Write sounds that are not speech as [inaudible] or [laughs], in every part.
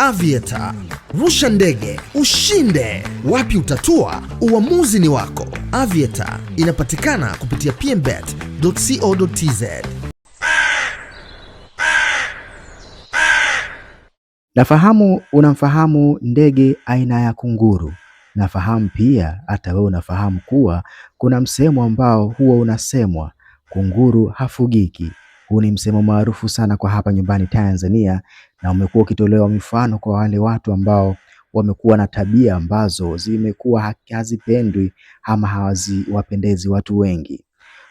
Avieta, rusha ndege ushinde. Wapi utatua? Uamuzi ni wako. Avieta inapatikana kupitia pmbet.co.tz. Nafahamu unamfahamu ndege aina ya kunguru. Nafahamu pia hata wewe unafahamu kuwa kuna msemo ambao huwa unasemwa, kunguru hafugiki. Huu ni msemo maarufu sana kwa hapa nyumbani Tanzania, na umekuwa ukitolewa mfano kwa wale watu ambao wamekuwa na tabia ambazo zimekuwa hazipendwi ama hawaziwapendezi watu wengi.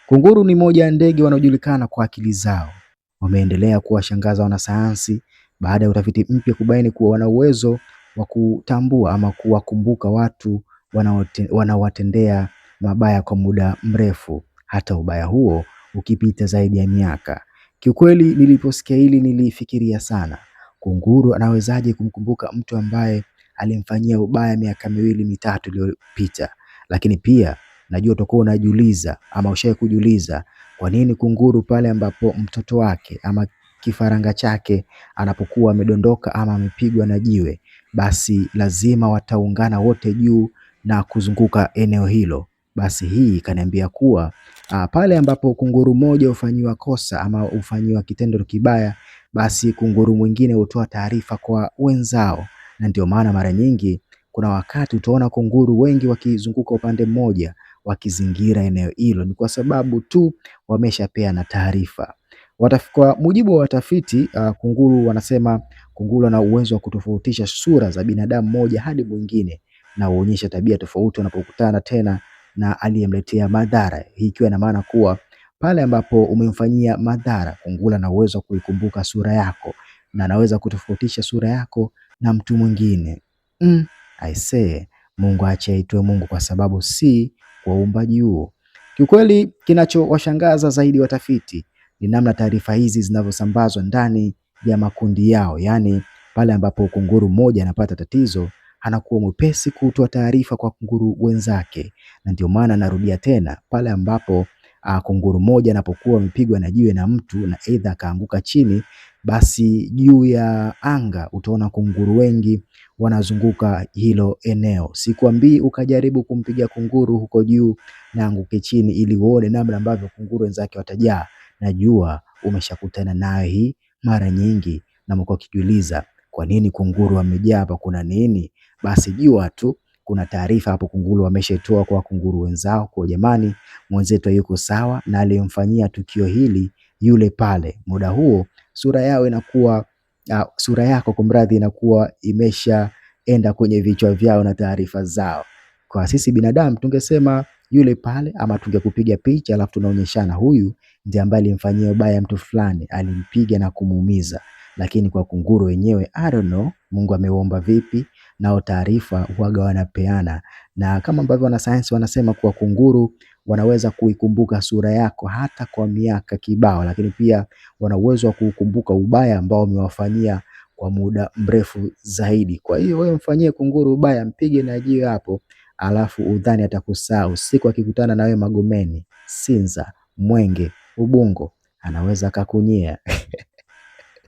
Kunguru ni moja ya ndege wanaojulikana kwa akili zao, wameendelea kuwashangaza wanasayansi baada ya utafiti mpya kubaini kuwa wana uwezo wa kutambua ama kuwakumbuka watu wanawatendea mabaya kwa muda mrefu, hata ubaya huo ukipita zaidi ya miaka. Kiukweli niliposikia hili nilifikiria sana, kunguru anawezaje kumkumbuka mtu ambaye alimfanyia ubaya miaka miwili mitatu iliyopita? Lakini pia najua utakuwa unajiuliza ama ushawahi kujiuliza, kwa nini kunguru pale ambapo mtoto wake ama kifaranga chake anapokuwa amedondoka ama amepigwa na jiwe, basi lazima wataungana wote juu na kuzunguka eneo hilo. Basi hii ikaniambia kuwa Aa, ah, pale ambapo kunguru mmoja hufanyiwa kosa ama hufanyiwa kitendo kibaya, basi kunguru mwingine hutoa taarifa kwa wenzao, na ndio maana mara nyingi kuna wakati utaona kunguru wengi wakizunguka upande mmoja wakizingira eneo hilo, ni kwa sababu tu wameshapea na taarifa. Kwa mujibu wa watafiti uh, kunguru wanasema kunguru ana uwezo wa kutofautisha sura za binadamu moja hadi mwingine na huonyesha tabia tofauti wanapokutana tena na aliyemletea madhara. Hii ikiwa na maana kuwa pale ambapo umemfanyia madhara, kungula na uwezo kuikumbuka sura yako na anaweza kutofautisha sura yako na mtu mwingine. Mm, I say Mungu aache aitwe Mungu kwa sababu si kwa uumbaji huo. Kiukweli, kinachowashangaza zaidi watafiti ni namna taarifa hizi zinavyosambazwa ndani ya makundi yao, yaani pale ambapo kunguru mmoja anapata tatizo anakuwa mwepesi kutoa taarifa kwa kunguru wenzake, na ndio maana anarudia tena, pale ambapo uh, kunguru moja anapokuwa amepigwa na jiwe na mtu na aidha akaanguka chini, basi juu ya anga utaona kunguru wengi wanazunguka hilo eneo. Sikwambii ukajaribu kumpiga kunguru huko juu na anguke chini, ili uone namna ambavyo kunguru wenzake watajaa. Najua umeshakutana nayo hii mara nyingi na mko kijuliza kwa nini kunguru wamejaa hapa? Kuna nini? Basi jua tu kuna taarifa hapo, kunguru wameshatoa kwa kunguru wenzao, kwa jamani, mwenzetu yuko sawa na aliyemfanyia tukio hili yule pale. Muda huo sura yao inakuwa uh, sura yako kumradhi, inakuwa imeshaenda kwenye vichwa vyao na taarifa zao. Kwa sisi binadamu tungesema yule pale, ama tungekupiga picha alafu tunaonyeshana, huyu ndiye ambaye alimfanyia ubaya mtu fulani, alimpiga na kumuumiza. Lakini kwa kunguru wenyewe I don't know Mungu amewaumba vipi, nao taarifa huaga wanapeana, na kama ambavyo wanasayansi wanasema kuwa kunguru wanaweza kuikumbuka sura yako hata kwa miaka kibao, lakini pia wana uwezo wa kukumbuka ubaya ambao umewafanyia kwa muda mrefu zaidi. Kwa hiyo wewe mfanyie kunguru ubaya, mpige na jiwe hapo, alafu udhani atakusahau. Siku akikutana na wewe Magomeni, Sinza, Mwenge, Ubungo, anaweza akakunyea [laughs]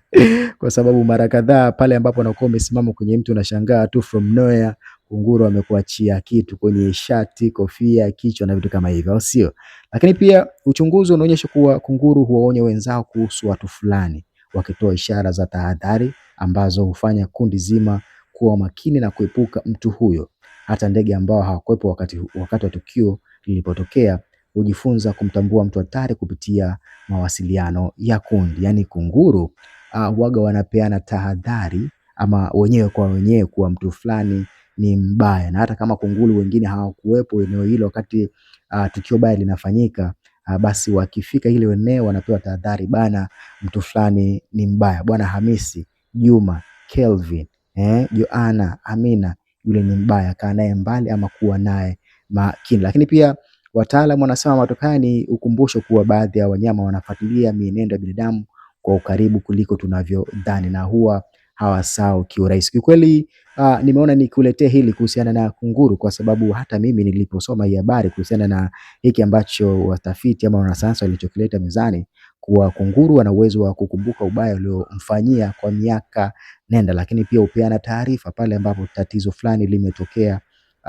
[laughs] kwa sababu mara kadhaa pale ambapo unakuwa umesimama kwenye mtu unashangaa tu from nowhere kunguru amekuachia kitu kwenye shati, kofia, kichwa na vitu kama hivyo, sio? Lakini pia uchunguzi unaonyesha kuwa kunguru huwaonya wenzao kuhusu watu fulani, wakitoa ishara za tahadhari ambazo hufanya kundi zima kuwa makini na kuepuka mtu huyo. Hata ndege ambao hawakuwepo wakati, wakati wa tukio lilipotokea hujifunza kumtambua mtu hatari kupitia mawasiliano ya kundi. Yaani kunguru Ah, huwaga wanapeana tahadhari ama wenyewe kwa wenyewe kuwa mtu fulani ni mbaya na hata kama kunguru wengine hawakuwepo eneo hilo wakati uh, tukio baya linafanyika uh, basi wakifika ile eneo wanapewa tahadhari bana mtu fulani ni mbaya bwana Hamisi, Juma, Kelvin, eh, Joana, Amina yule ni mbaya kaa naye mbali ama kuwa naye makini. Lakini pia wataalamu wanasema matokeo ni ukumbusho kuwa baadhi ya wanyama wanafuatilia mienendo ya binadamu kwa ukaribu kuliko tunavyodhani na huwa hawasahau kiurahisi. Kiukweli uh, nimeona nikuletee hili kuhusiana na kunguru kwa sababu hata mimi niliposoma hii habari kuhusiana na hiki ambacho watafiti ama wanasayansi walichokileta mezani kuwa kunguru ana uwezo wa kukumbuka ubaya uliomfanyia kwa miaka nenda, lakini pia upeana taarifa pale ambapo tatizo fulani limetokea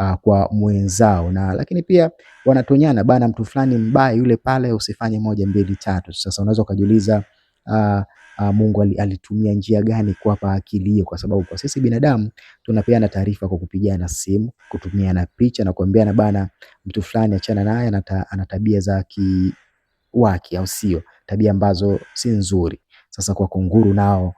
uh, kwa mwenzao na lakini pia wanatonyana bana, mtu fulani mbaya yule pale, usifanye moja mbili tatu. Sasa unaweza ukajiuliza Ah, ah, Mungu alitumia njia gani kuwapa akili hiyo, kwa sababu kwa sisi binadamu tunapeana taarifa kwa na simu, kutumia na picha na kuambiana bana, mtu fulani achana naye ana tabia za kiwaki au sio, tabia ambazo si nzuri. Sasa kwa kunguru nao